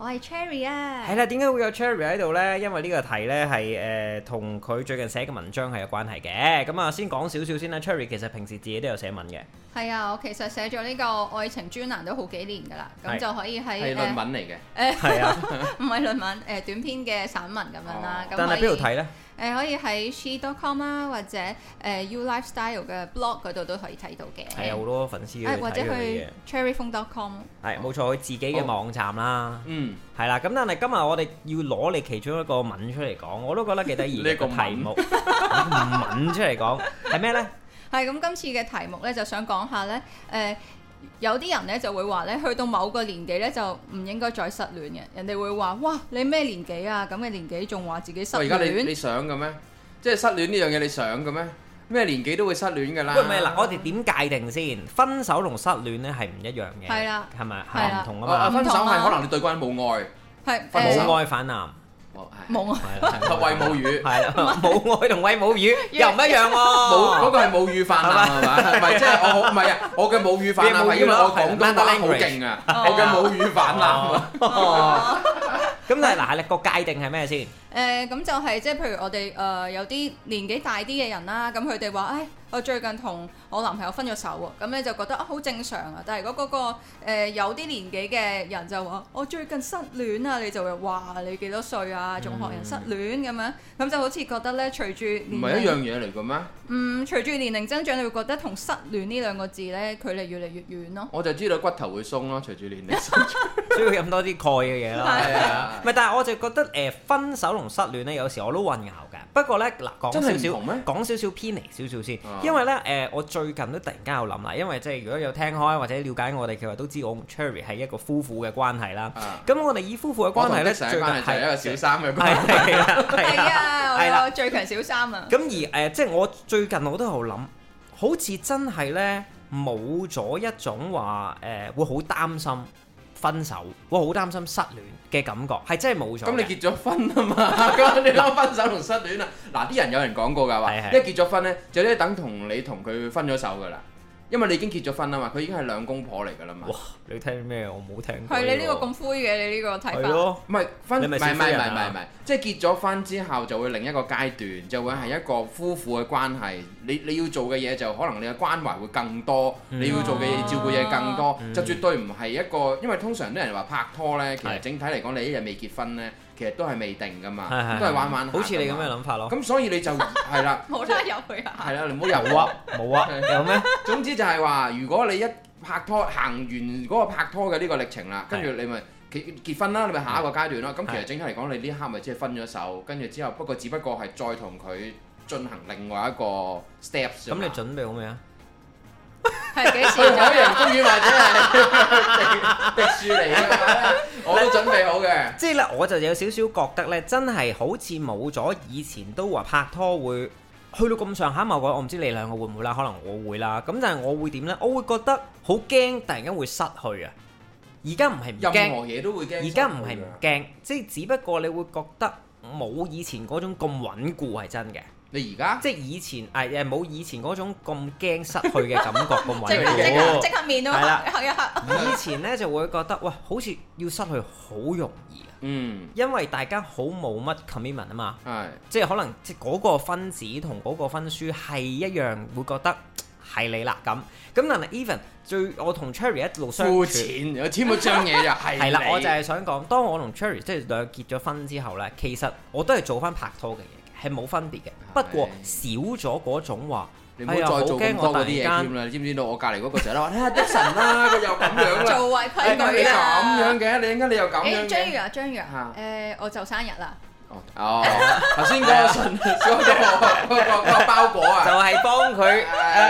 我係 Cherry 啊，係啦，點解會有 Cherry 喺度呢？因為呢個題呢，係誒同佢最近寫嘅文章係有關係嘅。咁、嗯、啊，先講少少先啦。Cherry 其實平時自己都有寫文嘅，係啊，我其實寫咗呢個愛情專欄都好幾年噶啦，咁就可以喺論文嚟嘅、呃，誒係是啊，唔係論文，誒、呃、短篇嘅散文咁樣啦。哦、可但係邊度睇呢？誒、呃、可以喺 she.com 啦、啊，或者、呃、U Lifestyle 嘅 blog 嗰度都可以睇到嘅。係有好多粉絲誒、呃，或者去 Cherryfung.com，哦。係冇錯，佢自己嘅網站啦。哦、嗯，係啦。咁但係今日我哋要攞你其中一個文出嚟講，我都覺得幾得意呢個題目，文 出嚟講係咩咧？係咁、 嗯，今次嘅題目咧，就想講下咧，誒、呃。有啲人咧就會話咧，去到某個年紀咧就唔應該再失戀嘅。人哋會話：哇，你咩年紀啊？咁嘅年紀仲話自己失戀。而家你你想嘅咩？即係失戀呢樣嘢你想嘅咩？咩年紀都會失戀嘅啦喂。喂，唔係嗱，我哋點界定先？分手同失戀咧係唔一樣嘅。係啦、啊，係咪係唔同啊嘛？分手係可能你對關冇愛，冇、啊、愛反男。冇啊！同餵母乳，係啦，母愛同餵母乳又唔一樣喎。冇嗰個係母乳泛濫啊，係嘛？唔係即係我好唔係啊，我嘅母乳泛濫因為我講到 language 好勁啊，我嘅母乳泛濫啊。咁但係嗱，你個界定係咩先？誒咁就係即係，譬如我哋誒有啲年紀大啲嘅人啦，咁佢哋話，誒我最近同我男朋友分咗手喎，咁你就覺得啊好正常啊。但係如果嗰個有啲年紀嘅人就話，我最近失戀啊，你就會話你幾多歲啊？仲學人失戀咁樣，咁就好似覺得咧，隨住唔係一樣嘢嚟嘅咩？嗯，隨住年齡增長，你會覺得同失戀呢兩個字咧距離越嚟越遠咯。我就知道骨頭會鬆咯，隨住年齡增長，需要飲多啲鈣嘅嘢咯。係啊，但係我就覺得誒分手失戀咧，有時我都混淆㗎。不過咧，嗱，講少少，講少少偏離少少先。因為咧，誒、呃，我最近都突然間有諗啦。因為即、就、係、是、如果有聽開或者了解我哋，其實都知我同 Cherry 係一個夫婦嘅關係啦。咁、啊、我哋以夫婦嘅關係咧，成日最近係一個小三嘅關係啦。係啊， 係啦， 最強小三啊。咁、嗯、而誒、呃，即係我最近我都喺度諗，好似真係咧冇咗一種話，誒、呃，會好擔心。分手，我好擔心失戀嘅感覺，係真係冇錯。咁你結咗婚啊嘛，咁 你諗分手同失戀啊？嗱， 啲人有人講過噶，話是一結咗婚咧，就咧等同你同佢分咗手噶啦。因為你已經結咗婚啦嘛，佢已經係兩公婆嚟㗎啦嘛。哇！你聽咩？我冇聽、這個。係你呢個咁灰嘅，你呢個睇法。唔係婚，唔係唔係唔係唔係，即係、啊就係、結咗婚之後就會另一個階段，就會係一個夫婦嘅關係。你你要做嘅嘢就可能你嘅關懷會更多，嗯、你要做嘅嘢照顧嘢更多，嗯、就絕對唔係一個。因為通常啲人話拍拖呢，其實整體嚟講，你一日未結婚呢。其實都係未定噶嘛，都係玩玩，好似你咁嘅諗法咯。咁所以你就係啦，冇得入去行，係啦，你唔好遊啊，冇啊，有咩？總之就係話，如果你一拍拖行完，嗰個拍拖嘅呢個歷程啦，跟住你咪結結婚啦，你咪下一個階段咯。咁其實整體嚟講，你呢刻咪即係分咗手，跟住之後不過只不過係再同佢進行另外一個 steps。咁你準備好未啊？係幾錢？海洋公園或者係迪士尼，我都準備好嘅。即係咧，我就有少少覺得咧，真係好似冇咗以前都話拍拖會去到咁上下某個，我唔知你兩個會唔會啦，可能我會啦。咁但係我會點咧？我會覺得好驚，突然間會失去啊！而家唔係唔驚，任何嘢都會驚。而家唔係唔驚，即係只不過你會覺得冇以前嗰種咁穩固係真嘅。你而家即係以前，誒誒冇以前嗰種咁驚失去嘅感覺咁偉大喎！即刻即刻面到係啦，以前咧就會覺得，哇，好似要失去好容易嘅，嗯，因為大家好冇乜 commitment 啊嘛，係，嗯、即係可能即嗰個分子同嗰個分書係一樣，會覺得係你啦咁。咁但係 even 最我同 Cherry 一路相，付錢我簽咗張嘢又係。係啦，我就係想講， 當我同 Cherry 即係兩結咗婚之後咧，其實我都係做翻拍拖嘅嘢。係冇分別嘅，的不過少咗嗰種話，你唔好再做咁多嗰啲嘢添啦。哎、你知唔知道我隔離嗰個仔咧話，你係啲神啦，佢又咁樣啦，就違規矩你咁樣嘅，你應該你又咁、啊哎、張月啊，張月、啊，誒、啊呃，我就生日啦。哦，頭先嗰個信，嗰 嗰個包裹啊，就係幫佢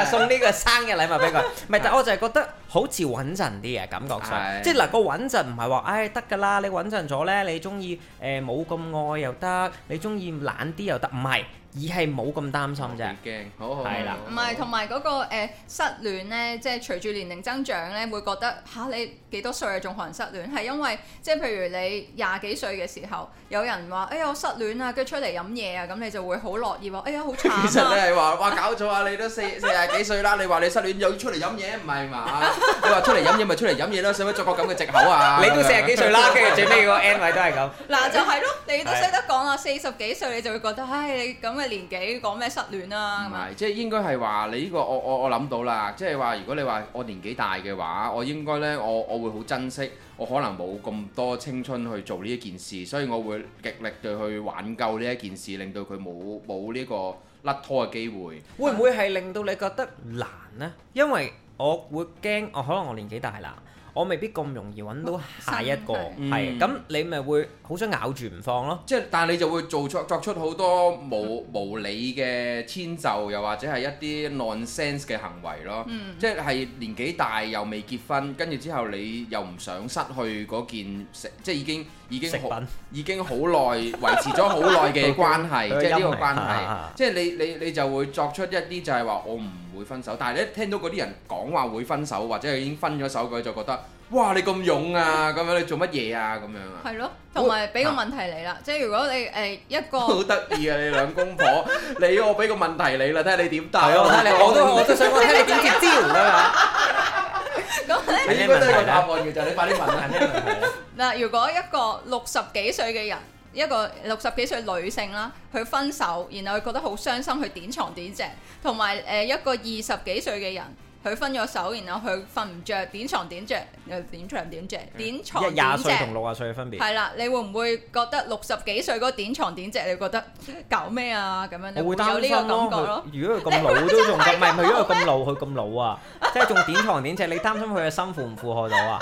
誒送呢個生日禮物俾佢。唔係，但我就係覺得好似穩陣啲啊，感覺上，即係嗱個穩陣唔係話，唉得㗎啦，你穩陣咗咧，你中意誒冇咁愛又得，你中意懶啲又得，唔係。而係冇咁擔心啫，唔係同埋嗰個誒失戀咧，即係隨住年齡增長咧，會覺得吓你幾多歲仲可能失戀？係因為即係譬如你廿幾歲嘅時候，有人話：哎呀，我失戀啊！跟住出嚟飲嘢啊！咁你就會好樂意。哎呀，好慘！其實你係話：哇，搞錯啊！你都四四廿幾歲啦，你話你失戀又要出嚟飲嘢，唔係嘛？你話出嚟飲嘢咪出嚟飲嘢咯，使乜作個咁嘅藉口啊？你都四廿幾歲啦，跟住最尾個 end 位都係咁。嗱就係咯，你都識得講啦，四十幾歲你就會覺得唉，你咁嘅。年紀講咩失戀啦，啊，唔係即係應該係話你呢個我我我諗到啦，即係話如果你話我年紀大嘅話，我應該呢，我我會好珍惜，我可能冇咁多青春去做呢一件事，所以我會極力對去挽救呢一件事，令到佢冇冇呢個甩拖嘅機會。會唔會係令到你覺得難呢？因為我會驚，我可能我年紀大啦。我未必咁容易揾到下一個，係咁你咪會好想咬住唔放咯。即係但係你就會做出作出好多無無理嘅遷就，又或者係一啲 nonsense 嘅行為咯。嗯、即係年紀大又未結婚，跟住之後你又唔想失去件食，即係已經已經好品已經好耐維持咗好耐嘅關係，即係呢個關係，即係 你你你就會作出一啲就係話我唔。會分手，但係你一聽到嗰啲人講話會分手，或者係已經分咗手，佢就覺得哇，你咁勇啊，咁樣你做乜嘢啊咁樣啊？係咯，同埋俾個問題你啦，即係如果你誒一個好得意啊，你兩公婆，你我俾個問題你啦，睇下你點答。我都我都想睇你點結招啦。咁咧，你應該都係個下播要個答案嘅，就係你快啲問下兩公婆。嗱，如果一個六十幾歲嘅人。一個六十幾歲女性啦，佢分手，然後佢覺得好傷心，佢點床點蓆，同埋誒一個二十幾歲嘅人。佢分咗手，然後佢瞓唔著，點牀點藉又點牀點藉，點牀點藉。一廿歲同六十歲嘅分別。係啦，你會唔會覺得六十幾歲個點牀點藉，你覺得搞咩啊咁樣？我會擔心呢個感覺咯。如果佢咁老都仲唔係唔係如果佢咁老，佢咁老啊，即係仲點牀點藉？你擔心佢嘅心負唔負荷到啊？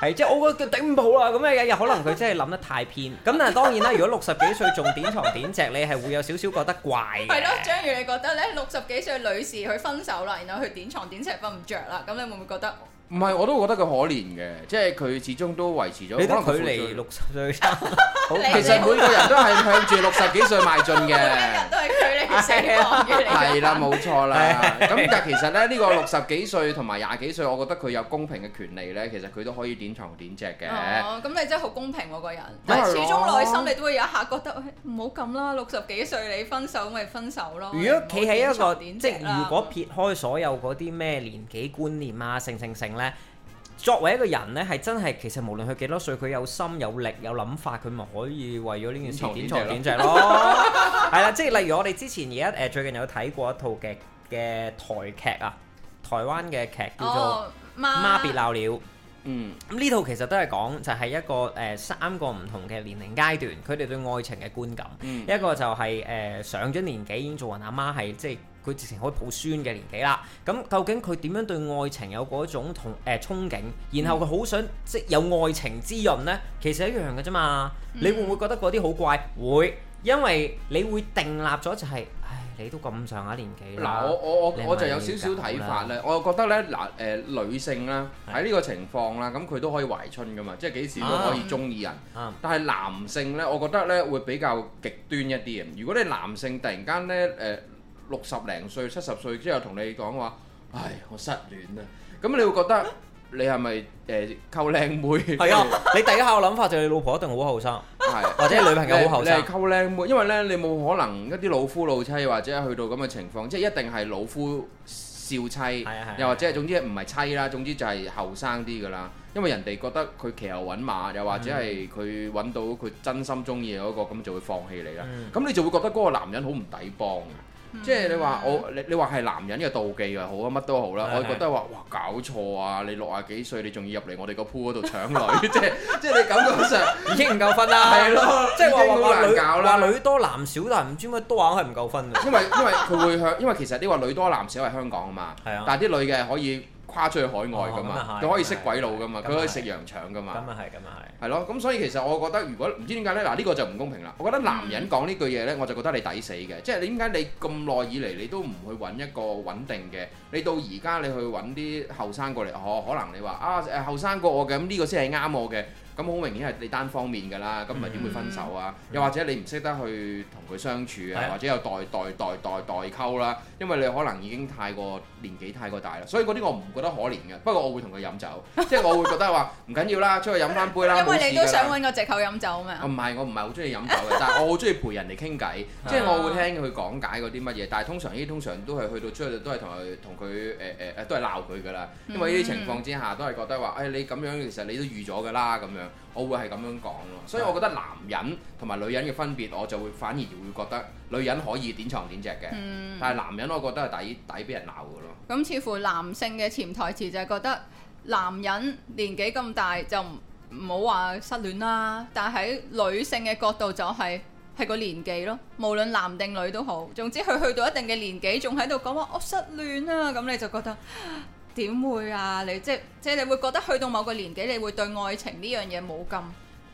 係即係我覺得頂唔到啦。咁樣嘅嘢可能佢真係諗得太偏。咁但係當然啦，如果六十幾歲仲點牀點藉，你係會有少少覺得怪嘅。係咯，章魚，你覺得咧？六十幾歲女士佢分手啦，然後佢點牀點藉？瞓唔着啦，咁你會唔會覺得？ 唔係，我都覺得佢可憐嘅，即係佢始終都維持咗距離六十歲差。好， 其實每個人都係向住六十幾歲邁進嘅。 每個人都係距離死亡。係啦，冇 錯啦。咁 但係其實咧，呢、這個六十幾歲同埋廿幾歲，我覺得佢有公平嘅權利咧，其實佢都可以點牀點席嘅。咁、嗯、你真係好公平喎，個人。但係始終內心你都會有一下覺得，喂，唔好咁啦，六十幾歲你分手咪分手咯。如果企喺一個點點即係如果撇開所有嗰啲咩年紀觀念啊，性性成。作為一個人咧，係真係其實無論佢幾多歲，佢有心有力有諗法，佢咪可以為咗呢件事點著點著咯。係 啦， 即係例如我哋之前而家誒最近有睇過一套嘅嘅台劇啊，台灣嘅劇叫做《媽別鬧了》。哦、嗯，咁呢套其實都係講就係一個誒、呃、三個唔同嘅年齡階段，佢哋對愛情嘅觀感。嗯、一個就係、是、誒、呃、上咗年紀已經做人阿媽係即係。即佢直情可以抱孫嘅年紀啦，咁究竟佢點樣對愛情有嗰種同誒憧憬，然後佢好想即有愛情滋潤呢？其實一樣嘅啫嘛。你會唔會覺得嗰啲好怪？會，因為你會定立咗就係、是，唉，你都咁上下年紀啦。嗱，我我我就有少少睇法咧，我又覺得咧嗱誒女性啦，喺呢個情況啦，咁佢都可以懷春噶嘛，即幾時都可以中意人。啊、但係男性呢，我覺得呢會比較極端一啲嘅。如果你男性突然間呢。誒、呃，六十零歲、七十歲之後同你講話，唉，我失戀啦！咁你會覺得你係咪誒溝靚妹？係啊呀！ 你第一下嘅諗法就係你老婆一定好後生，係對或者女朋友好後生。溝靚妹，因為呢，你冇可能一啲老夫老妻或者去到咁嘅情況，即係一定係老夫少妻，又或者總之唔係妻啦，總之就係後生啲噶啦。因為人哋覺得佢騎牛揾馬，又或者係佢揾到佢真心中意嗰個，咁就會放棄你啦。咁你就會覺得嗰個男人好唔抵幫。嗯、即係你話我，你你話係男人嘅妒忌啊，好啊，乜都好啦，係係我覺得話哇搞錯啊！你六啊幾歲，你仲要入嚟我哋個鋪度搶女， 即係即係你感覺上 已經唔夠分啦，係咯了，即係好話女話女多男少，但係唔知點解多硬係唔夠分嘅，因為因為佢會向，因為其實你話女多男少係香港啊嘛， 但係啲女嘅可以。跨出去海外噶嘛，佢、哦哦嗯嗯、可以識鬼佬噶嘛，佢、嗯嗯、可以食羊腸噶嘛、嗯，咁啊係，咁啊係，係咯，咁所以其實、嗯嗯嗯、我覺得，如果唔知點解咧，嗱呢個就唔公平啦。我覺得男人講呢句嘢咧，我就覺得你抵死嘅，即、就、係、是、你點解你咁耐以嚟你都唔去揾一個穩定嘅？你到而家你去揾啲後生過嚟，可、嗯、可能你話啊誒後生過我嘅，咁呢個先係啱我嘅。咁好明顯係你單方面嘅啦，咁咪點會分手啊？嗯、又或者你唔識得去同佢相處啊？嗯、或者有代，代代代代代溝啦，因為你可能已經太過年紀太過大啦。所以嗰啲我唔覺得可憐嘅，不過我會同佢飲酒， 即係我會覺得話唔緊要啦，出去飲翻杯啦，冇事㗎啦。因為你都想揾個藉口飲酒啊嘛。唔係，我唔係好中意飲酒嘅，但係我好中意陪人哋傾偈， 即係我會聽佢講解嗰啲乜嘢。但係通常呢，通常都係去到出去都係同佢同佢誒誒都係鬧佢㗎啦。因為呢啲情況之下，都係覺得話誒、 哎、你咁樣，其實你都預咗㗎啦咁樣。我會係咁樣講咯，所以我覺得男人同埋女人嘅分別，我就會反而會覺得女人可以點長點隻嘅，但係男人我覺得係抵抵俾人鬧㗎咯。咁似乎男性嘅潛台詞就係覺得男人年紀咁大就唔好話失戀啦，但係喺女性嘅角度就係係個年紀咯，無論男定女都好，總之佢去到一定嘅年紀仲喺度講話我失戀啊，咁你就覺得。點會啊！你即係即係，你會覺得去到某個年紀，你會對愛情呢樣嘢冇咁。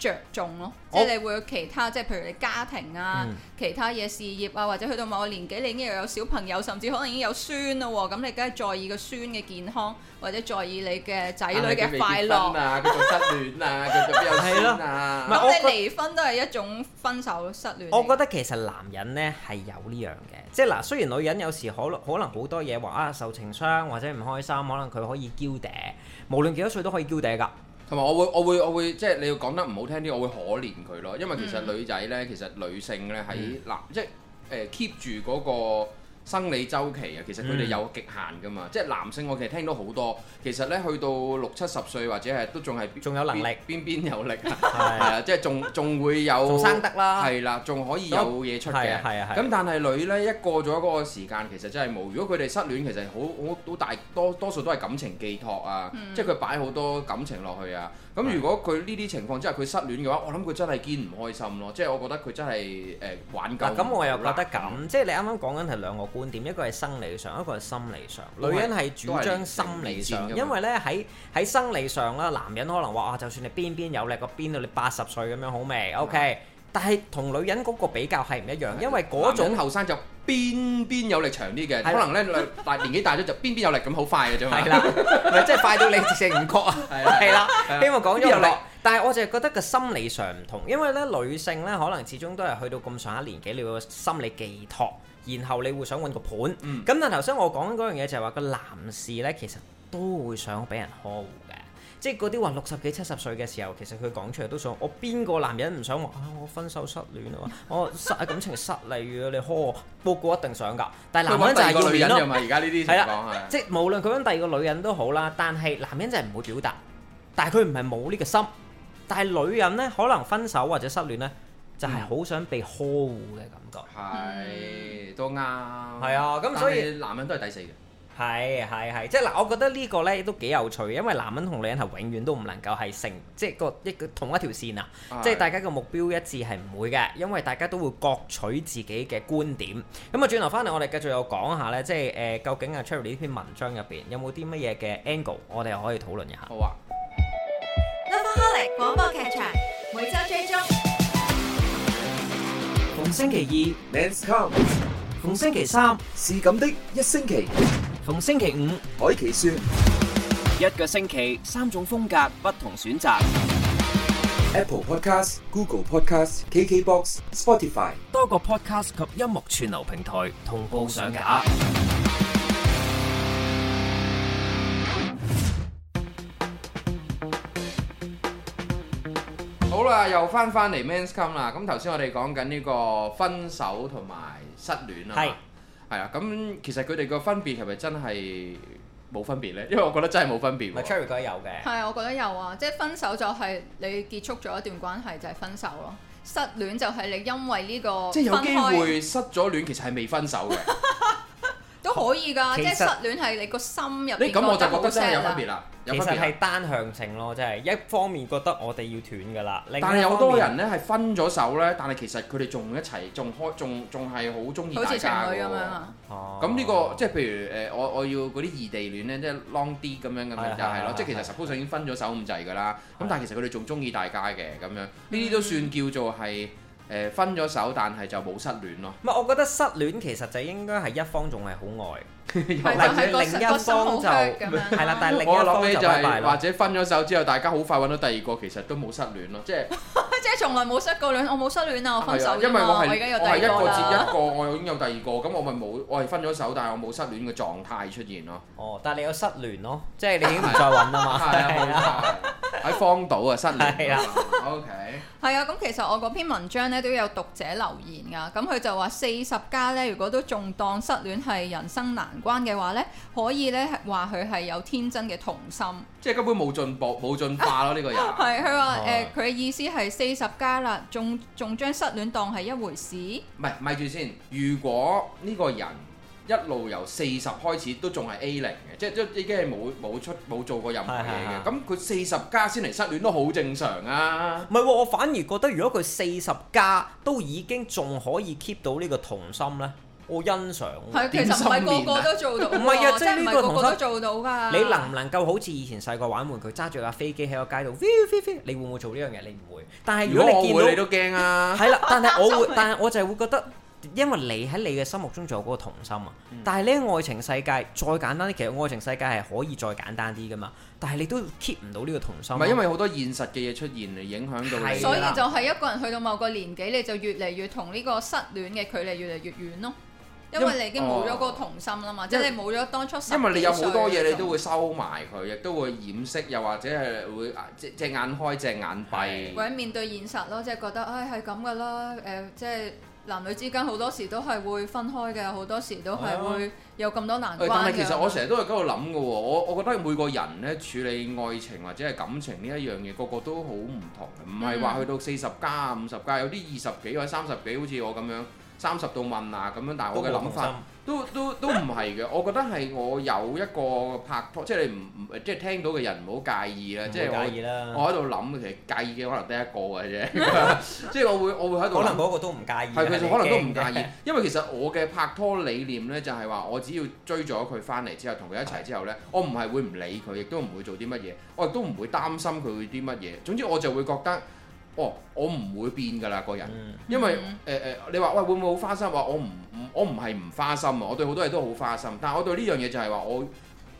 着重咯，即係你會有其他，即係譬如你家庭啊，嗯、其他嘢事業啊，或者去到某個年紀，你已經又有小朋友，甚至可能已經有孫啦，咁你梗係在意個孫嘅健康，或者在意你嘅仔女嘅快樂。離、啊、婚啊，佢仲失戀啊，佢仲邊有孫啊？咁你離婚都係一種分手失戀。 我覺得其實男人呢係有呢樣嘅，即係嗱，雖然女人有時可可能好多嘢話啊，受情傷或者唔開心，可能佢可以嬌嗲，無論幾多歲都可以嬌嗲㗎。同埋我會我會我會即係、就是、你要講得唔好聽啲，我會可憐佢咯，因為其實女仔呢，嗯、呢，其實女性呢，喺男、嗯、即係誒、呃、keep 住嗰、那個。生理周期啊，其實佢哋有極限噶嘛，嗯、即係男性我其實聽到好多，其實咧去到六七十歲或者係都仲係仲有能力邊邊有力，係啊， 即係仲仲會有生得啦，係啦，仲可以有嘢出嘅，係啊、嗯，咁但係女咧一過咗嗰個，個時間，其實真係冇。如果佢哋失戀，其實好好都大多多數都係感情寄託啊，嗯、即係佢擺好多感情落去啊。咁如果佢呢啲情況之下，佢失戀嘅話，我諗佢真係堅唔開心咯。即係我覺得佢真係誒玩夠。嗱、啊，咁我又覺得咁。嗯、即係你啱啱講緊係兩個觀點，一個係生理上，一個係心理上。都係女人係主張心理上，理因為呢喺喺生理上啦，男人可能話啊，就算你邊邊有力，個邊，邊到你八十歲咁樣好未？OK。Okay? 嗯但係同女人嗰個比較係唔一樣，因為嗰種後生就邊邊有力長啲嘅，是的 可能咧年大年紀大咗就邊邊有力咁好快嘅啫嘛，係啦的，咪即係快到你直情唔覺啊，係啦，希望講咗有力？但係我就係覺得個心理上唔同，因為咧女性咧可能始終都係去到咁上下年紀，你個心理寄託，然後你會想揾個伴。咁、嗯、但係頭先我講嗰樣嘢就係話個男士咧其實都會想畀人呵護。即係嗰啲話六十幾七十歲嘅時候，其實佢講出嚟都想，我邊個男人唔想話、啊、我分手失戀啊？我失感情失利咗，你呵，個個一定想㗎。但係男人就咪而家呢啲係啦，即係無論佢揾第二個女人都好啦，但係男人就係唔會表達，但係佢唔係冇呢個心，但係女人咧可能分手或者失戀咧，就係好想被呵護嘅感覺。係都啱，係啊，咁所以男人都係抵死嘅。係，係，係，即係嗱，我覺得呢個咧都幾有趣，因為男人同女人係永遠都唔能夠係成，即係個一個同一條線啊，是的 即係大家個目標一致係唔會嘅，因爲大家都會各取自己嘅觀點。咁、嗯、啊，轉頭翻嚟，我哋繼續又講下咧，即係誒、呃，究竟阿 Cherry 呢篇文章入邊有冇啲乜嘢嘅 angle，我哋可以討論一下。好啊。Lovaholic 廣播劇場每周追蹤，逢星期二 Men's Come 逢星期三 是咁的一星期。逢星期五，海奇書：一個星期三種風格，不同選擇。Apple Podcast、Google Podcast、KKBox、Spotify 多個 podcast 及音樂串流平台同步上架。好啦，又翻翻嚟 Men's Come 啦。咁頭先我哋講緊呢個分手同埋失戀啊。係。係啊，咁、嗯、其實佢哋個分別係咪真係冇分別呢？因為我覺得真係冇分別喎。咪 Cherry 覺得有嘅，係 我覺得有啊，即係分手就係你結束咗一段關係就係分手咯，失戀就係你因為呢個即係有機會失咗戀，其實係未分手嘅。 都可以噶，即係失戀係你個心入邊咁我就覺得真係有分別啦。有分別係單向性咯，即係一方面覺得我哋要斷噶啦。但係有好多人咧係分咗手咧，但係其實佢哋仲一齊，仲開，仲仲係好中意大家㗎喎。哦，咁呢個即係譬如誒，我我要嗰啲異地戀咧，即係 long 啲咁樣嘅，就係咯。即係其實 suppose 已經分咗手咁滯㗎啦。咁但係其實佢哋仲中意大家嘅咁樣，呢啲都算叫做係。誒、呃、分咗手，但係就冇失戀咯。唔係，我覺得失戀其實就應該係一方仲係好愛，或另一方就係 啦。但係我諗起就係或者分咗手之後，大家好快揾到第二個，其實都冇失戀咯，即係。從來冇失過戀，我冇失戀啊！我分手咗啦，我已經有第二個啦。我係一個接一個，我已經有第二個，咁我咪冇，我係分咗手，但係我冇失戀嘅狀態出現咯。哦，但係你有失戀咯，即係你已經唔再搵啦嘛。係啊，喺荒島啊，失戀。係啦。OK。係啊，咁其實我嗰篇文章咧都有讀者留言噶，咁佢就話四十加咧，如果都仲當失戀係人生難關嘅話咧，可以咧話佢係有天真嘅童心。即係根本冇進步冇進化咯，呢、啊、個人係佢話誒，佢、呃、意思係四十加啦，仲仲將失戀當係一回事。唔係，咪住先。如果呢個人一路由四十開始都仲係 A 零嘅，即係即已經係冇冇出冇做過任何嘢嘅。咁佢四十加先嚟失戀都好正常啊。唔係，我反而覺得如果佢四十加都已經仲可以 keep 到呢個童心呢。我欣賞，其實唔係個個都做到，唔係 啊，即係唔係個個都做到㗎。你能唔能夠好似以前細個玩玩具，揸住架飛機喺個街度飛？你會唔會做呢樣嘢？你唔會。但如果你如果見到，你都驚啊，係啦、啊， 但係我會， 但係我就會覺得，因為你喺你嘅心目中仲有嗰個童心啊。嗯、但係呢愛情世界再簡單啲，其實愛情世界係可以再簡單啲㗎嘛。但係你都 keep 唔到呢個童心。唔係因為好多現實嘅嘢出現嚟影響到你。了所以就係一個人去到某個年紀，你就越嚟越同呢個失戀嘅距離越嚟越遠咯。因為你已經冇咗個童心啦嘛，因為，即係冇咗當初。因為你有好多嘢，你都會收埋佢，亦都會掩飾，又或者係會隻隻眼開隻眼閉。或者面對現實咯，即係覺得，唉、哎，係咁噶啦。誒、呃，即係男女之間好多時都係會分開嘅，好多時都係會有咁多難關、啊。但係其實我成日都喺度諗嘅喎，我我覺得每個人咧處理愛情或者係感情呢一樣嘢，個個都好唔同。唔係話去到四十加、五十加，有啲二十幾或者三十幾，好似我咁樣。三十度問啊咁樣，但係我嘅諗法都都都唔係嘅。我覺得係我有一個拍拖，即係唔唔，即係聽到嘅人唔好介意啦。即係我喺度諗，其實介意嘅可能得一個嘅啫。即 係我會我會喺度。可能嗰個都唔介意。係，其實我可能都唔介意，因為其實我嘅拍拖理念呢，就係話，我只要追咗佢翻嚟之後，同佢一齊之後呢，我唔係會唔理佢，亦都唔會做啲乜嘢，我亦都唔會擔心佢啲乜嘢。總之我就會覺得。哦、我唔會變㗎喇個人，嗯、因為誒誒、呃，你話喂會唔會好花心？話我唔我唔係唔花心啊！我對好多嘢都好花心，但係我對呢樣嘢就係話，我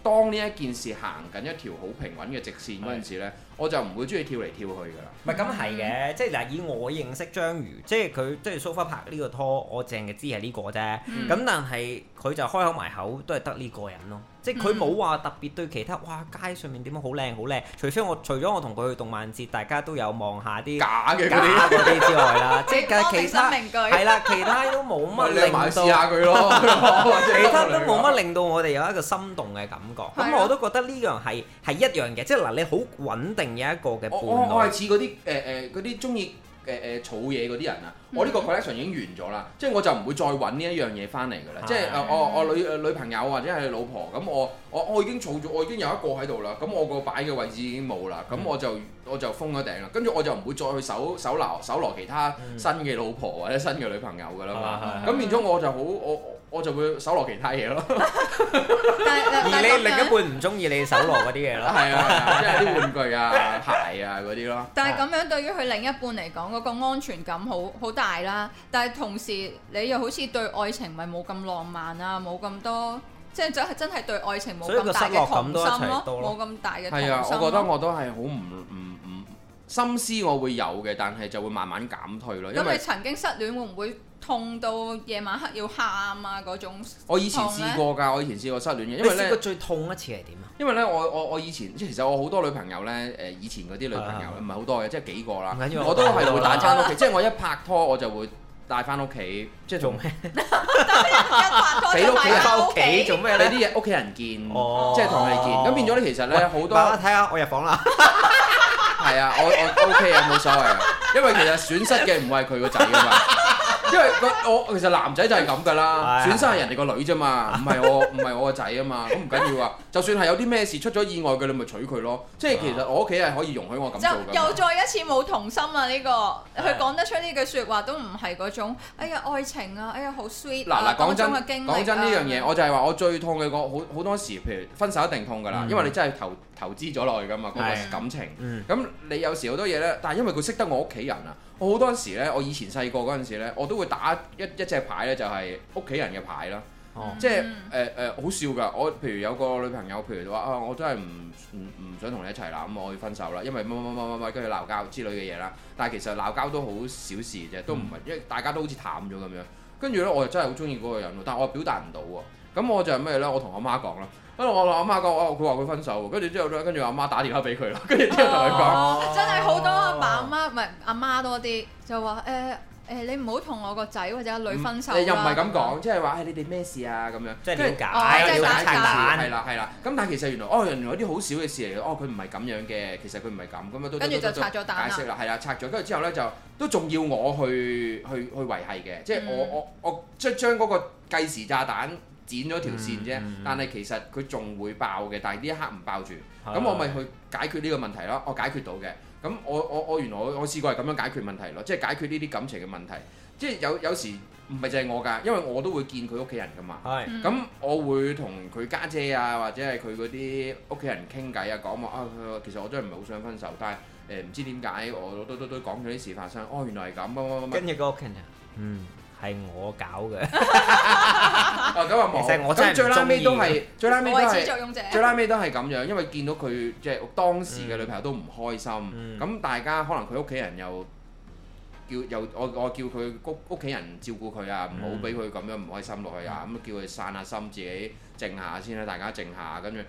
當呢一件事行緊一條好平穩嘅直線嗰陣時咧。我就唔會中意跳嚟跳去㗎啦。唔係咁係嘅，即係嗱，以我認識章魚，即係佢即係 so far 拍呢個拖，我凈係知係呢個啫。咁、嗯、但係佢就開口埋口，都係得呢個人咯。即係佢冇話特別對其他，哇，街上面點樣好靚好靚。除非我除咗我同佢去動漫節，大家都有望下啲假嘅嗰啲之外啦。 即係其實係啦，其他都冇乜令到。你試下佢咯，哦、其他都冇乜令到我哋有一個心動嘅感覺。咁、嗯、對了 我都覺得呢樣係係一樣嘅，即係嗱，你好穩定。有一個嘅，我、呃呃嗯、我我係似嗰啲誒誒啲中意誒誒儲嘢嗰啲人啊，我呢個 collection 已經完咗啦，即係我就唔會再搵呢一樣嘢翻嚟噶啦。嗯、即係誒我我，我女女朋友或者係老婆，咁我我我已經儲咗，我已經有一個喺度啦，咁我個擺嘅位置已經冇啦，咁我就、嗯、我，就我就封咗頂啦，跟住我就唔會再去搜搜拿搜羅其他新嘅老婆或者新嘅女朋友噶啦嘛，咁變咗我就好我。我我就會搜羅其他嘢咯， 而你 另一半唔中意你搜羅嗰啲嘢咯，係 啊，即係啲玩具啊、鞋啊嗰啲咯。但係咁樣對於佢另一半嚟講，嗰、嗰個安全感好好大啦。但係同時你又好似對愛情咪冇咁浪漫啊，冇咁多，即係就係真係對愛情冇咁大嘅痛心咯、啊。冇咁大嘅痛心係啊，啊，我覺得我都係好唔唔唔心思，我會有嘅，但係就會慢慢減退咯。因為曾經失戀會唔會？痛到夜晚黑要喊啊！嗰種我以前試過㗎，我以前試過失戀嘅。因你試過最痛一次係點啊？因為咧，我我我以前即其實我好多女朋友咧，誒以前嗰啲女朋友唔係好多嘅，即係幾個啦。我都係會帶翻屋企，即係我一拍拖我就會帶翻屋企，即係做咩？死屋企人翻屋企做咩？你啲嘢屋企人見，即係同你見。咁變咗咧，其實咧好多睇下我入房啦。係啊，我我 OK 啊，冇所謂。因為其實損失嘅唔係佢個仔啊嘛。因為我其實男仔就係咁噶啦，損失係人哋個女啫嘛，唔係我唔係我個仔啊嘛，咁唔緊要啊，就算係有啲咩事出咗意外嘅，你咪娶佢咯，即係其實我屋企係可以容許我咁做嘅。又再一次冇童心啊！呢個佢講得出呢句說話都唔係嗰種，哎呀愛情啊，哎呀好 sweet 嗱嗱。講真講真呢樣嘢，我就係話我最痛嘅個，好好多時譬如分手一定痛噶啦，因為你真係投。投資咗落去㗎嘛，嗰個的感情。咁、嗯、你有時好多嘢呢，但係因為佢識得我屋企人啊，我好多時呢，我以前細個嗰陣時咧，我都會打一一隻牌呢，哦、就係屋企人嘅牌啦。即係誒誒，好笑㗎。我譬如有個女朋友，譬如話啊，我真係唔唔想同你一齊啦，咁我要分手啦，因為乜乜乜乜乜跟住鬧交之類嘅嘢啦。但係其實鬧交都好小事啫，嗯、都唔係，因為大家都好似淡咗咁樣。跟住呢，我又真係好中意嗰個人喎，但係我又表達唔到喎。咁我就係咩呢？我同我媽講啦。我我阿媽講，哦佢話佢分手跟住之後咧，跟住阿媽打電話俾佢啦，跟住之後同佢講，真係好多阿爸阿媽，唔係阿媽多啲，就話誒誒你唔好同我個仔或者女分手啦。又唔係咁講，即係話你哋咩事啊咁樣，即係要揀，要打拆係啦係啦。咁但係其實原來哦原來啲好少嘅事嚟嘅，哦佢唔係咁樣嘅，其實佢唔係咁咁啊都跟住就拆咗彈解釋啦，係啦拆咗，跟住之後咧就都仲要我去去去維係嘅，即係我我我將將嗰個計時炸彈。剪咗條線啫，但係其實佢仲會爆嘅，但係呢一刻唔爆住，咁我咪去解決呢個問題咯。我解決到嘅，咁我我我原來我我試過係咁樣解決問題咯，即係解決呢啲感情嘅問題。即係有有時唔係就係我㗎，因為我都會見佢屋企人㗎嘛。係，咁我會同佢家姐啊，或者係佢嗰啲屋企人傾偈啊，講話啊，其實我真係唔係好想分手，但係誒唔知點解我都都都講咗啲事發生，哦原來係咁啊啊啊！跟住個屋企人，嗯。係我搞嘅，咁啊冇，咁 最 last 尾都係，最 last 尾都係，最 last 尾都係咁樣，因為見到佢即係當時嘅女朋友都唔開心，咁、嗯嗯、大家可能佢屋企人又叫又我我叫佢屋屋企人照顧佢啊，唔好俾佢咁樣唔開心落去啊，咁、嗯、叫佢散下心，自己靜下先啦，大家靜下，跟住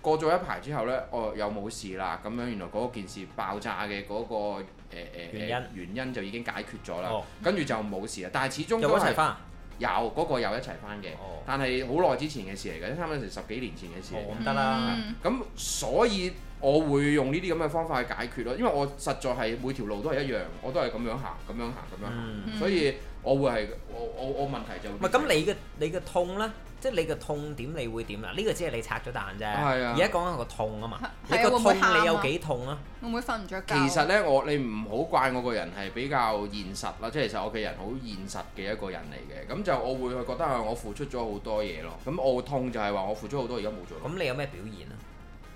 過咗一排之後呢，我、呃、又冇事啦，咁樣原來嗰件事爆炸嘅嗰、嗰個，誒誒，原因原因就已經解決咗啦，跟住、哦、就冇事啦。但係始終有，有一齊翻有嗰、嗰個又一齊翻嘅，哦、但係好耐之前嘅事嚟嘅，差唔多成十幾年前嘅事。咁得、哦、啦，咁、嗯嗯、所以我會用呢啲咁嘅方法去解決咯，因為我實在係每條路都係一樣，我都係咁樣行，咁樣行，咁樣行，嗯、所以我會係我我我問題就唔係咁你嘅你嘅痛咧。即係你個痛點，你會點啊？呢、這個只係你拆咗彈啫。而家講緊係個痛啊嘛。是你個痛會會、啊、你有幾痛啊？會唔會瞓唔着？其實咧，我你唔好怪我個人係比較現實啦。即係其實我個人好現實嘅一個人嚟嘅。咁就我會覺得係我付出咗好多嘢咯。咁我痛就係話我付出好多而家冇咗。咁你有咩表現啊？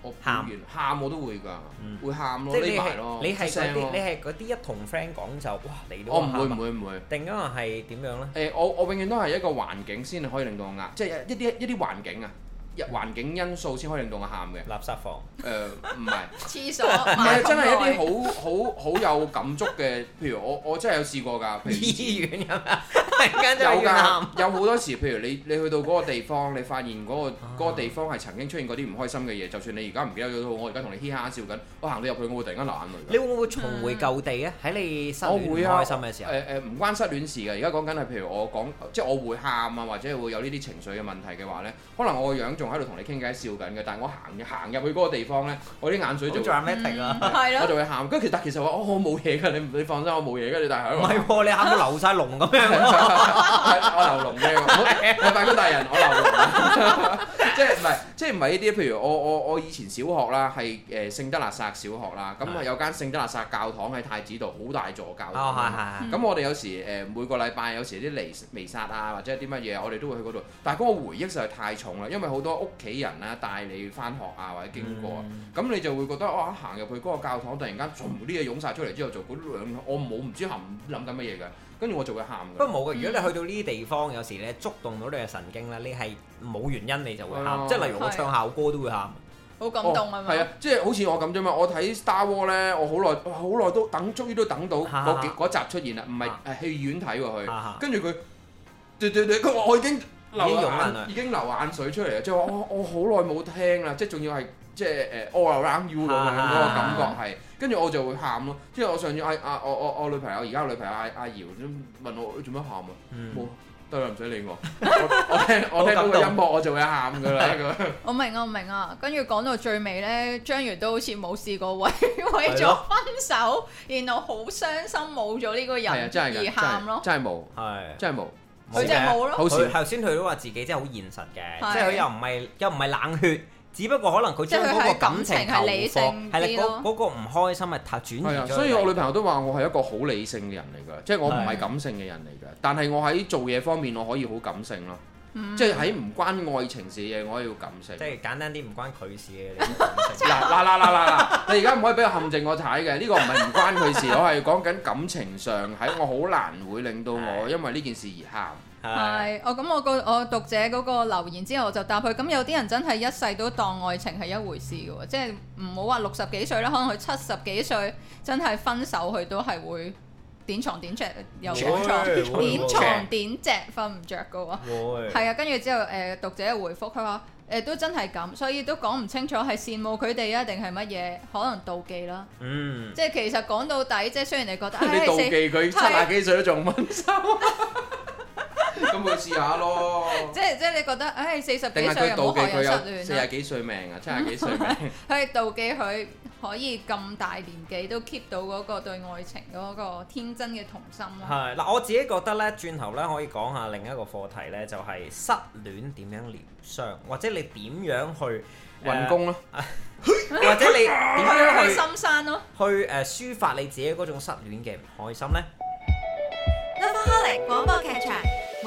我喊完，喊我都會㗎，會喊咯，即係你係你係嗰啲，你係嗰啲一同 friend 講就，哇！你都我唔會唔會唔會，定咗話係點樣咧？誒，我我永遠都係一個環境先可以令到我喊，即係一啲一啲環境啊，環境因素先可以令到我喊嘅。垃圾房誒，唔係廁所，唔係真係一啲好好好有感觸嘅，譬如我我真係有試過㗎，譬如醫院咁啦。有㗎，有好多時，譬如你你去到嗰個地方，你發現嗰個嗰個地方係曾經出現過啲唔開心嘅嘢，就算你而家唔記得咗都好，我而家同你嘻哈笑緊，我行到入去，我會突然間流眼淚。你會唔會重回舊地咧？喺你失戀唔開心嘅時候，誒誒唔關失戀事嘅。而家講緊係譬如我講，即係我會喊啊，或者會有呢啲情緒嘅問題嘅話咧，可能我個樣仲喺度同你傾偈笑緊嘅，但係我行行入去嗰個地方咧，我啲眼水就仲有咩停啊？係咯，我就會喊。跟住其實但係其實我我冇嘢㗎，你你放心，我冇嘢㗎。你但係唔係喎？你喊到流曬龍咁樣。 我流龍嘅，我法官大人，我流龍 即，即係唔係，即係唔係呢啲？譬如我我我以前小學啦，係誒、呃、聖德肋撒小學啦，咁啊有間聖德肋撒教堂喺太子道，好大座教堂。咁、哦嗯、我哋有時誒、呃、每個禮拜有時啲彌彌撒啊，或者啲乜嘢，我哋都會去嗰度。但係嗰個回憶實在太重啦，因為好多屋企人啦帶你返學啊，或者經過，咁、嗯、你就會覺得哇行入去嗰個教堂，突然間全啲嘢湧晒出嚟之後，就嗰兩我冇唔知含諗緊乜嘢㗎。跟住我就會喊，不過冇嘅，如果你去到呢啲地方，有時咧觸動到你嘅神經咧，你係冇原因你就會喊。即係例如我唱校歌都會喊，好感動啊嘛。係啊，即係好似我咁啫嘛。我睇 Star War 咧，我好耐好耐都等，終於都等到嗰幾嗰集出現啦。唔係誒戲院睇喎佢，跟住佢，對對對，佢話我已經流眼，已經流眼水出嚟啦。即係我我好耐冇聽啦，即係仲要係。即係誒 all around you 嗰個感覺係，跟住我就會喊咯。即係我上次嗌阿我我我女朋友而家女朋友阿阿姚，咁問我做咩喊啊？冇，對啦，唔使理我。我聽我聽到個音樂我就會喊噶啦。我明我明啊，跟住講到最尾咧，張宇都好似冇試過為為咗分手，然後好傷心冇咗呢個人而喊咯。真係冇，真係冇，佢真係冇咯。佢頭先佢都話自己真係好現實嘅，即係佢又唔係又唔係冷血。只不過可能佢即係喺感情係理性點點，係啦嗰嗰個唔開心係轉。係啊，所以我女朋友都話我係一個好理性嘅人嚟嘅，即、就、係、是、我唔係感性嘅人嚟嘅。的但係我喺做嘢方面我可以好感性咯，啊，嗯、即係喺唔關愛情事嘅，我係要感性。即係簡單啲，唔關佢事嘅你感性。嗱嗱嗱嗱嗱， 你而家唔可以俾個陷阱我睇嘅，呢、這個唔係唔關佢事， 我係講緊感情上喺我好難會令到我 因為呢件事而喊。係，的哦、我咁我個我讀者嗰個留言之後我就答佢，咁有啲人真係一世都當愛情係一回事嘅，即係唔好話六十幾歲啦，可能佢七十幾歲真係分手佢都係會點床點桌又喂 點床點床點只瞓唔着嘅，係啊，跟住喂之後誒、呃、讀者回覆佢話，誒都真係咁，所以都講唔清楚係羨慕佢哋啊，定係乜嘢？可能妒忌啦，嗯、即係其實講到底，即係雖然你覺得，你妒忌佢七十幾歲都仲分手。 咁去試下咯，即係即係你覺得，唉、哎，四十幾歲又冇可能失戀，四十幾歲命啊， 七十幾歲命、啊。佢係妒忌佢可以咁大年紀都 keep 到嗰個對愛情嗰個天真嘅童心咯、啊。係嗱，我自己覺得咧，轉頭咧可以講下另一個課題咧，就係失戀點樣療傷，或者你點樣去運功咯、啊， 或者你點樣 去深山咯、啊，去誒抒發你自己嗰種失戀嘅唔開心咧。Number One 廣播劇場。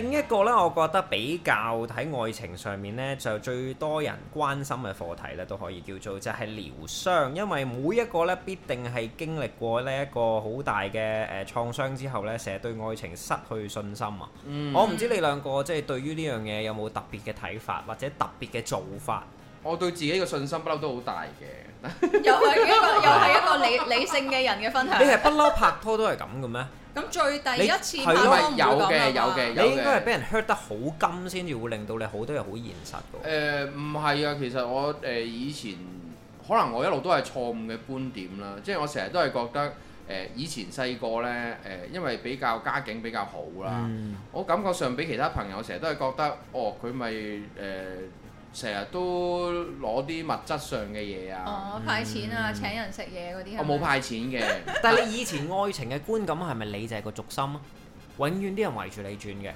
另一個咧，我覺得比較喺愛情上面咧，就最多人關心嘅課題咧，都可以叫做就係療傷。因為每一個咧必定係經歷過呢一個好大嘅誒創傷之後咧，成日對愛情失去信心啊。嗯、我唔知你兩個即係、就是、對於呢樣嘢有冇特別嘅睇法或者特別嘅做法？我對自己嘅信心不嬲都好大嘅， 又係一個又係一個理 理性嘅人嘅分享。你係不嬲拍拖都係咁嘅咩？咁最第一次，係因為有嘅有嘅，你的的應該係俾人 hurt 得好金先至會令到你好多嘢好現實、呃。誒唔係啊，其實我誒、呃、以前可能我一路都係錯誤嘅觀點啦，即、就、係、是、我成日都係覺得誒、呃、以前細個咧誒，因為比較家境比較好啦，嗯、我感覺上比其他朋友成日都係覺得哦佢咪誒。成日都攞啲物質上嘅嘢啊、哦！派錢啊，嗯、請人食嘢嗰啲。我冇派錢嘅， 但係你以前愛情嘅觀感係咪你就係個軸心？啊？永遠啲人圍住你轉嘅，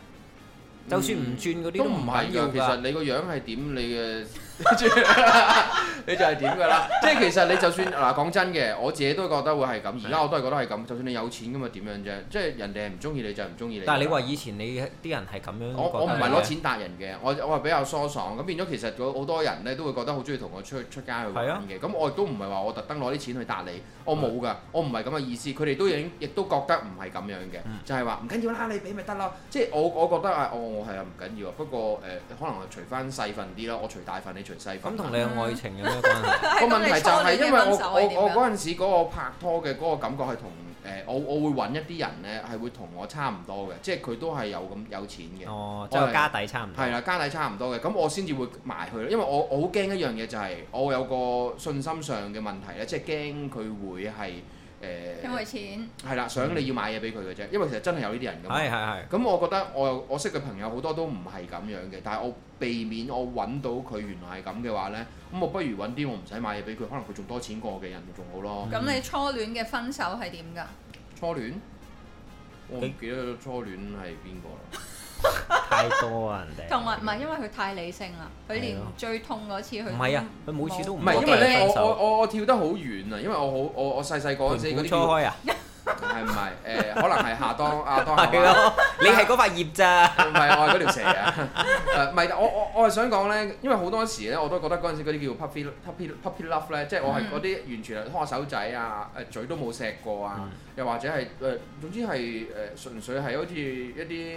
就算唔轉嗰啲、嗯、都唔係㗎。其實你個樣係點，你嘅。 你就係點㗎啦？即係其實你就算嗱，講真嘅，我自己都覺得會係咁。而家我都係覺得係咁。就算你有錢㗎嘛，點樣啫？即係人哋係唔中意你，就係唔中意你。但係你話以前你啲人係咁樣我，我我唔係攞錢達人嘅，的我我係比較疏爽。咁變咗其實好多人咧都會覺得好中意同我出出街去玩嘅。咁的我亦都唔係話我特登攞啲錢去達你，我冇㗎，嗯、我唔係咁嘅意思。佢哋都已經亦都覺得唔、嗯、係咁樣嘅，就係話唔緊要啦，你俾咪得咯？即係我我覺得啊，我、哦、係啊唔緊要，不過誒、呃、可能除翻細份啲咯，我除大份咁同你嘅愛情有咩關係？ 個問題就係因為我 我我嗰陣時嗰個拍拖嘅嗰個感覺係同誒我我會揾一啲人咧係會同我差唔多嘅，即係佢都係有咁有錢嘅，哦，即係是家底差唔多。係啦，家底差唔多嘅，咁我先至會埋去，因為我我好驚一樣嘢就係、是、我有個信心上嘅問題咧，即係驚佢會係。誒，因為、呃、錢係啦，想你要買嘢俾佢嘅啫。因為其實真係有呢啲人㗎嘛。係，係，咁我覺得我，我我識嘅朋友好多都唔係咁樣嘅。但係我避免我揾到佢原來係咁嘅話咧，咁我不如揾啲我唔使買嘢俾佢，可能佢仲多錢過我嘅人，仲好咯。咁你初戀嘅分手係點㗎？初戀，我唔記得咗初戀係邊個啦。 太多啊！人哋同埋唔係因為佢太理性啦，佢連最痛嗰次去，唔係啊，佢每次都唔係因為咧，我我我我跳得好遠啊，因為我好我我細細個嗰陣時嗰啲初開係唔係？誒，可能係夏當亞當啊，你係嗰塊葉咋？唔係我係嗰條蛇啊！誒，唔係，我我我係想講咧，因為好多時咧，我都覺得嗰陣時嗰啲叫 puppy puppy puppy love 咧，即係我係嗰啲完全係拖手仔啊，誒，嘴都冇錫過啊，又或者係誒，總之係誒，純粹係好似一啲。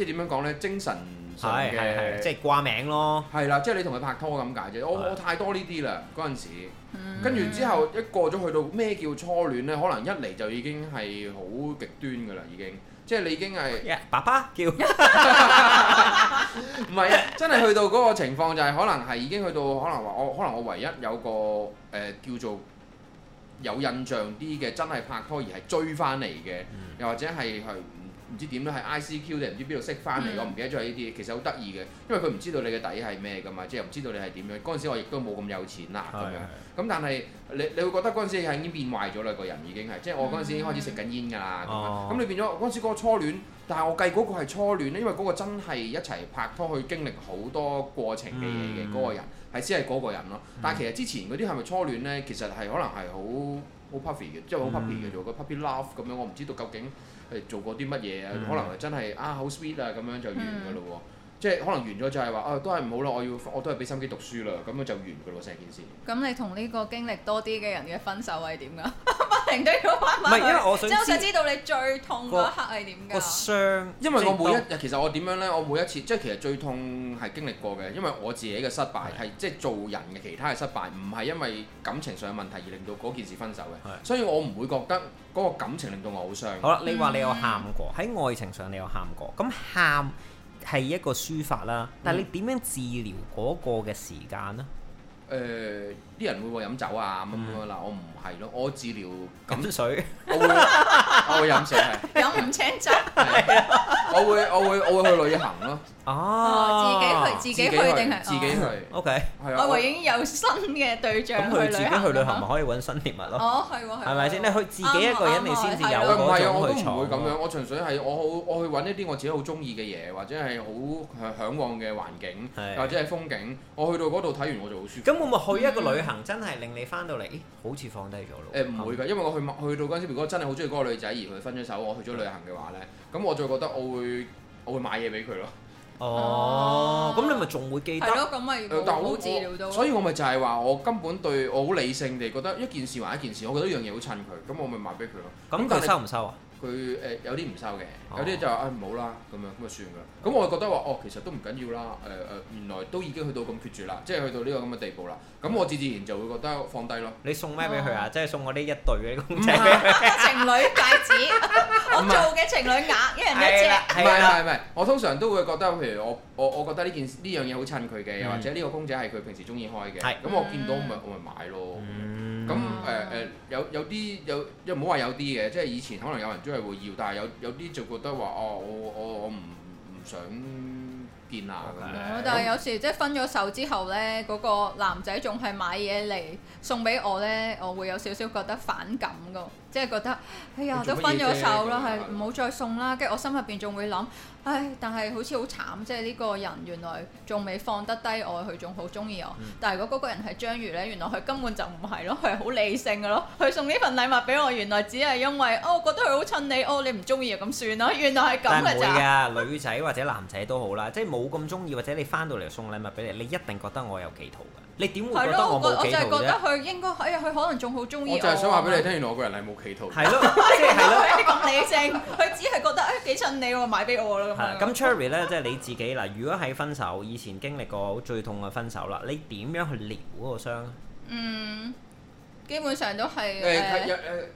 即係點樣講呢？精神上嘅，即係掛名咯。係啦，即係你同佢拍拖咁解啫。我的、哦、我冇太多呢啲啦，嗰陣時。嗯、跟住之後，一過咗去到咩叫初戀呢？可能一嚟就已經係好極端噶啦，已經。即係你已經係、yeah, 爸爸叫。唔係啊！真係去到嗰個情況、就是，就係可能係已經去到可能話，我可能我唯一有個誒、呃、叫做有印象啲嘅，真係拍拖而係追翻嚟嘅，又、嗯、或者係係。唔知點咧，係 ICQ 定唔知邊度識翻嚟，嗯、我唔記得咗喺呢啲，嘢，其實好得意嘅，因為佢唔知道你嘅底係咩噶嘛，即係唔知道你係點樣。嗰陣時我亦都冇咁有錢啦咁是樣，咁是但係你你會覺得嗰陣時已經變壞咗啦，個人已經係，即、就、係、是、我嗰陣時已經開始食緊煙噶啦，咁、嗯、樣。咁你變咗嗰陣時嗰個初戀，但係我計嗰個係初戀因為嗰個真係一齊拍拖去經歷好多過程嘅嘢嘅嗰個人，係先係嗰個人咯。但係其實之前嗰啲係咪初戀咧？其實係可能係好好 puffy 嘅，即係好 puppy 嘅，做、嗯、個 puppy love 咁樣，我唔知道究竟。做過啲乜嘢啊？可能係真係、mm hmm. 啊，好 sweet 啊，咁樣就完㗎咯喎。Mm hmm. 即係可能完咗就係話啊，都係唔好啦，我要我都係俾心機讀書啦，咁樣就完㗎啦，成件事。咁你同呢個經歷多啲嘅人嘅分手係點㗎？ 不停都要發火，唔係我想知，即係我想知道你最痛嗰一刻係點㗎？個傷，因為我每一日都其實我點樣呢？我每一次即係其實最痛係經歷過嘅，因為我自己嘅失敗係即係做人嘅其他嘅失敗，唔係因為感情上嘅問題而令到嗰件事分手嘅。是的 所以我唔會覺得嗰個感情令到我好傷。好啦，你話你有喊過喺、嗯、愛情上，你有喊過，咁喊。係一個抒發啦，但係你點樣治療嗰個嘅時間呢？誒、嗯，啲、呃、人會話飲酒啊，咁樣嗱，嗯、我唔係咯，我治療飲水，我會飲水。 唔請座、啊，我會 我會我會,我會去旅行咯。啊自，自己去自己去定係自己去？O K，係啊。哦 okay. 我已經有新嘅對象咁佢自己去旅行咪可以揾新事物咯？哦，係喎，係咪先？你去自己一個人個，你先至有嗰種去闖。唔係、啊，我唔會咁樣。我純粹係我好我去揾一啲我自己好中意嘅嘢，或者係好嚮往嘅環境，是或者係風景。我去到嗰度睇完，我就好舒服。咁會唔會去一個旅行真係令你翻到嚟，嗯、好似放低咗咯？誒唔、嗯欸、會㗎，因為我去去到嗰陣時，如果真係好中意嗰個女仔而佢分咗手，我去咗。旅行嘅話咧，咁我就覺得我會我會買嘢俾佢咯。哦，咁你咪仲會記得？嗯、所以我咪就係話，我根本對我好理性地覺得一件事還一件事，我覺得一樣嘢好襯佢，咁我咪買俾佢咯。咁佢、嗯、收唔收啊？佢誒有啲唔收嘅，有啲就話唔好啦，咁樣咁就算噶啦。咁我覺得話哦，其實都唔緊要啦。誒誒，原來都已經去到咁決絕啦，即係去到呢個咁嘅地步啦。咁我自自然就會覺得放低咯。你送咩俾佢啊？即係送我呢一對嘅公仔。情侶戒指，我做嘅情侶鈪，一人一隻。唔係唔係唔係，我通常都會覺得，譬如我我我覺得呢件呢樣嘢好襯佢嘅，或者呢個公仔係佢平時中意開嘅。係。咁我見到咪我咪買咯。咁誒誒有有啲有又唔好話有啲嘅，即係以前可能有人都係會要，但係有有啲就覺得話哦，我我我唔唔想見下嘅咧。嗯、咁樣但係有時即係分咗手之後咧，嗰、嗰個男仔仲係買嘢嚟送俾我咧，我會有少少覺得反感噶。即係覺得，哎呀，都分咗手啦，係唔好再送啦。跟住我心入邊仲會諗，唉，但係好似好慘，即係呢個人原來仲未放得低我，佢仲好中意我。嗯、但係如果嗰個人係章魚咧，原來佢根本就唔係咯，佢係好理性嘅咯。佢送呢份禮物俾我，原來只係因為，哦，我覺得佢好襯你，哦，你唔中意就咁算啦。原來係咁嘅咋？唔會 女仔或者男仔都好啦，即係冇咁中意，或者你翻到嚟送禮物俾你，你一定覺得我有企圖㗎。你點會覺得我冇企圖啫？我就係覺得佢應該，哎呀，佢可能仲好中意我就。就係想話俾你聽，原來我個人係冇企圖。係咯，即係係咯，講理性，佢只係覺得誒幾襯你喎，買俾我咯咁。Cherry 咧，呢 即係你自己嗱，如果喺分手以前經歷過最痛嘅分手啦，你點樣去療嗰個傷？嗯，基本上都係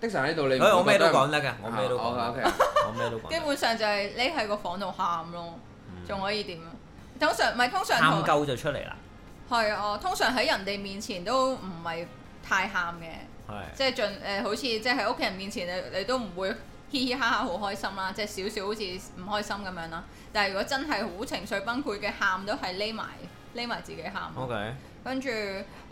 的神喺度，我咩都講得嘅，我咩都講嘅，我咩都講。基本上就係你喺個房度喊咯，仲、嗯、可以點？通常唔係，通常喊夠就出嚟啦。係啊，通常喺人哋面前都唔係太喊嘅的、呃，即係盡誒，好似即係喺屋企人面前，你你都唔會嘻嘻哈哈好開心啦，即係少少好似唔開心咁樣啦。但係如果真係好情緒崩潰嘅喊，都係匿埋匿埋自己喊。OK，跟住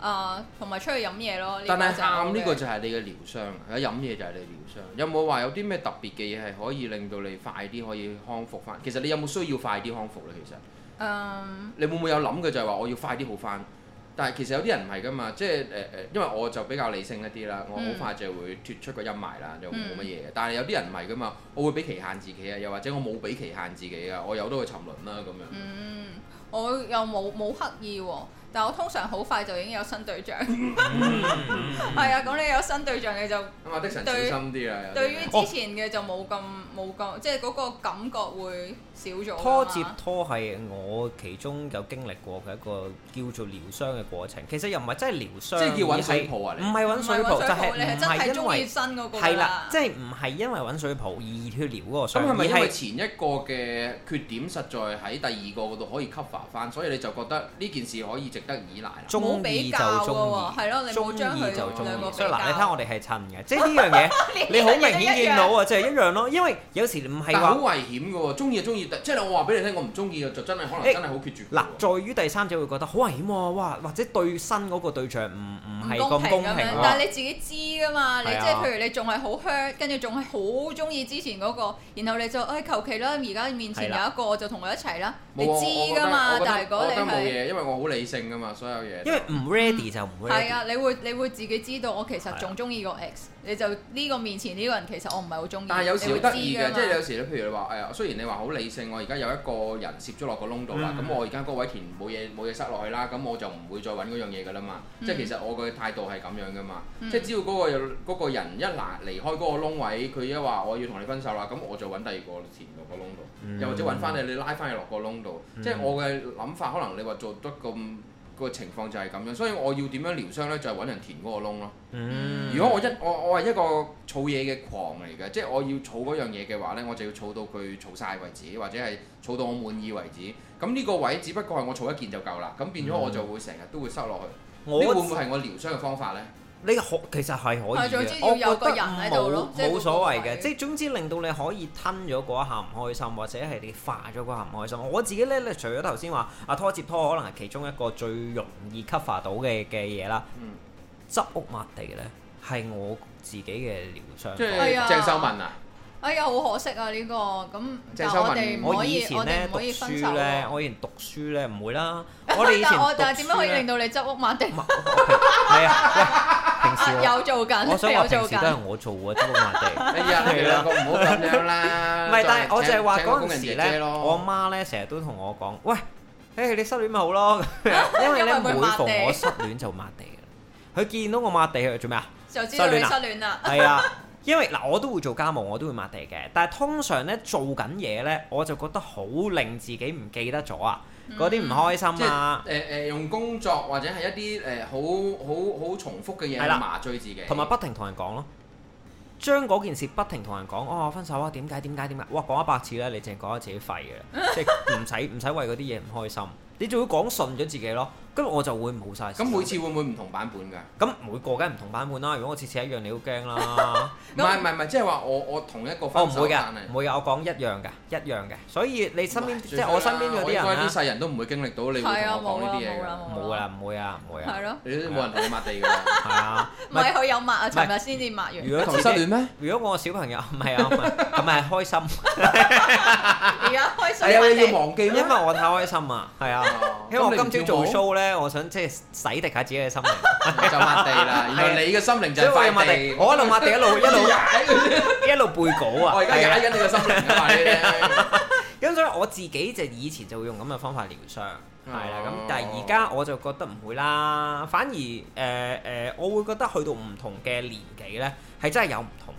啊，同、呃、埋出去飲嘢咯。但係喊呢個就係你嘅療傷，飲嘢就係你嘅療傷。有冇話有啲咩特別嘅嘢係可以令到你快啲可以康復返？其實你有冇需要快啲康復咧？其實？誒，um, 你會唔會有諗嘅就係話我要快啲好返？但係其實有啲人唔係㗎嘛，即係誒誒，因為我就比較理性一啲啦，我好快就會脱出個陰霾啦，就冇乜嘢。但係有啲人唔係㗎嘛，我會俾期限自己啊，又或者我冇俾期限自己啊，我由得佢沉淪啦咁樣。嗯，um, 我又冇冇刻意喎、哦，但係我通常好快就已經有新對象。係、um, 啊，噉你有新對象你就對，啊、ixon, 小心啲啊！對於之前嘅就冇咁冇咁，即係嗰個感覺會。拖接拖係我其中有經歷過嘅一個叫做療傷嘅過程，其實又唔係真係療傷，即係要揾水泡啊！唔係揾水泡，水泡就係唔係因為係啦，即係唔係因為揾水泡而脱療嗰個傷。咁係咪前一個嘅缺點實在喺第二個嗰度可以 cover 翻，所以你就覺得呢件事可以值得依賴啦。中意就中意，中意就中意。所以嗱，你睇我哋係襯嘅，即係呢樣嘢，你好明顯見到啊，即係 一樣咯。因為有時唔係話好危險嘅喎，中意就中意。即係我話俾你聽，我唔中意嘅就真係可能真係好決絕。嗱，在於第三者會覺得好危險喎，哇！或者對新嗰個對象唔唔係咁公平。公平，但係你自己知㗎嘛？你即係譬如你仲係好 hurt，跟住仲係好中意之前嗰個，然後你就誒求其啦，而家面前有一個就同佢一齊啦。你知㗎嘛？但係果你冇嘢，因為我好理性㗎嘛，所有嘢。因為唔 ready 就唔會係啊。係啊，你會你會自己知道，我其實仲中意個 ex，你就呢個面前呢個人其實我唔係好中意。但係有時得意嘅，即係有時你譬如你話誒，雖然你話好理。我而家有一個人攝咗落個窿度啦，咁、mm hmm. 我而家嗰位填冇嘢冇嘢塞落去啦，咁我就唔會再揾嗰樣嘢㗎啦嘛。Mm hmm. 即係其實我嘅態度係咁樣㗎嘛。Mm hmm. 即係只要嗰、嗰個嗰、嗰個、人一拿離開嗰個窿位，佢一話我要同你分手啦，咁我就揾第二個填落個窿度，又、mm hmm. 或者揾翻你你拉翻去落個窿度。Mm hmm. 即係我嘅諗法，可能你話做得咁。個情況就係咁樣，所以我要點樣療傷呢？就係揾人填嗰個窿咯。嗯、如果我一我我係一個儲嘢嘅狂嚟嘅，即係我要儲嗰樣嘢嘅話呢，我就要儲到佢儲晒為止，或者係儲到我滿意為止。咁呢個位只不過係我儲一件就夠啦。咁變咗我就會成日都會塞落去。呢會唔會係我療傷嘅方法呢？你可其實係可以嘅，我覺得冇冇所謂嘅，即係總之令到你可以吞咗嗰一下唔開心，或者係你化咗嗰下唔開心。我自己咧，咧除咗頭先話阿拖接拖，可能係其中一個最容易 cover 到嘅嘅嘢啦。嗯，執屋抹地咧係我自己嘅療傷。即係啊，鄭秀文啊！哎呀，好可惜啊！呢個咁，我哋唔可以，我哋唔可以分手咧。我以前讀書咧唔會啦。我哋以前但係點樣可以令到你執屋抹地？係啊！有做緊，有做緊。我想講平時都係我做啊，拖抹地。係咯，唔好咁樣啦。唔係，但係我就係話嗰陣時咧，我媽咧成日都同我講：喂，誒你失戀咪好咯？因為咧每逢我失戀就抹地嘅。佢見到我抹地係做咩啊？就知失戀啦，係啊。因為嗱，我都會做家務，我都會抹地嘅。但係通常咧做緊嘢咧，我就覺得好令自己唔記得咗啊。嗰啲唔開心啊！誒誒、呃呃、用工作或者係一啲誒、呃、好好好重複嘅嘢嚟麻醉自己，同埋不停同人講咯，將嗰件事不停同人講，哦，分手啊，點解點解點解？哇講一百次咧，你淨係講得自己廢嘅， 即係唔使唔使為嗰啲嘢唔開心，你仲要講順咗自己咯。咁我就會唔好曬。咁每次會唔會唔同版本㗎？咁每個梗係唔同版本啦。如果我次次一樣，你都驚啦。唔係唔係唔係，即係話我我同一個翻新版本嚟。唔會㗎，唔會㗎。我講一樣㗎，一樣㗎。所以你身邊即係我身邊有啲人啊，啲世人都唔會經歷到你我講呢啲嘢。唔會啦，唔會啊，唔會啊。係咯，冇人同你抹地㗎。係啊，唔係佢有抹啊，琴日先至抹完。如果同失戀咩？如果我小朋友唔係啊，唔係開心。而家開心，係啊，要忘記。因為我太開心啊，係啊，因為我今朝做 show 咧。我想即係、就是、洗滌下自己嘅心靈，就抹地啦。係你嘅心靈就快地，我一路抹地一路一路一路背稿啊！我而家解緊你嘅心靈啊！咁所以我自己就以前就會用咁嘅方法療傷，係啦。咁但係而家我就覺得唔會啦，反而誒誒，uh, uh, 我會覺得去到唔同嘅年紀咧，係真係有唔同。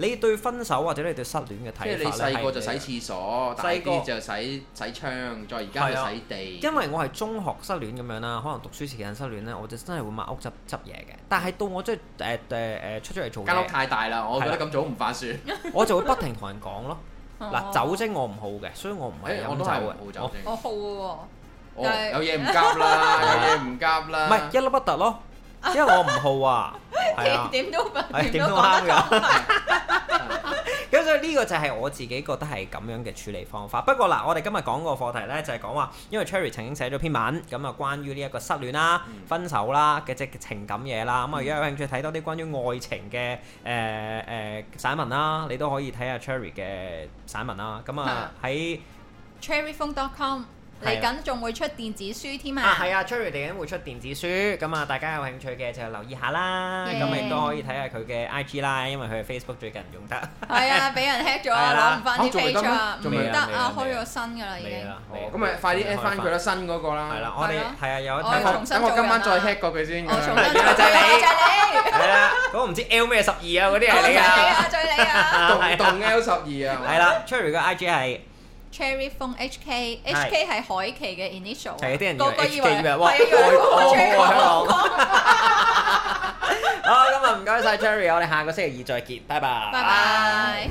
你對分手或者你對失戀嘅睇法咧？即係你細個就洗廁所，大個就洗洗窗，再而家係洗地。因為我係中學失戀咁樣啦，可能讀書時間失戀咧，我就真係會抹屋執執嘢嘅。但係到我即係誒誒誒出出嚟做嘢，間屋太大啦，我覺得咁早唔翻書，我就會不停同人講咯。嗱，酒精我唔好嘅，所以我唔係飲酒嘅。我都係好酒精。我好嘅喎，有嘢唔急啦，有嘢唔急啦，唔係一粒不突咯，因為我唔好啊。點都唔，點都啱噶。咁所以呢個就係我自己覺得係咁樣嘅處理方法。不過嗱，我哋今日講個課題呢就係講話，因為 Cherry 曾經寫咗篇文，咁啊關於呢一個失戀啦、分手啦嘅即情感嘢啦。咁啊，如果有興趣睇多啲關於愛情嘅誒誒散文啦，你都可以睇下 Cherry 嘅散文啦。咁啊喺 cherryfung.com。嚟緊，仲會出電子書添啊！啊，係啊，Cherry 嚟緊會出電子書，咁啊，大家有興趣嘅就留意下啦。咁亦都可以睇下佢嘅 I G 啦，因為佢 Facebook 最近唔用得。係啊，俾人 hack 咗啊！唔翻啲 page 啦，仲未啊？開咗新噶啦，已經。咁咪快啲 add 翻佢啦，新嗰個啦。係啦，我哋係啊，有等我，等我今晚再 hack 過佢先。我重登，多謝你，多謝你。係啦，嗰個唔知 L 咩十二啊嗰啲係你啊？棟棟 L 十二啊？係啦，Cherry 嘅 I G 係。Cherry Fung 對 H K H K 係海琪嘅 initial 啊，個個以為係海，香港哇、哦。好，今日唔該晒 Cherry，我哋下個星期二再見，拜拜。拜拜。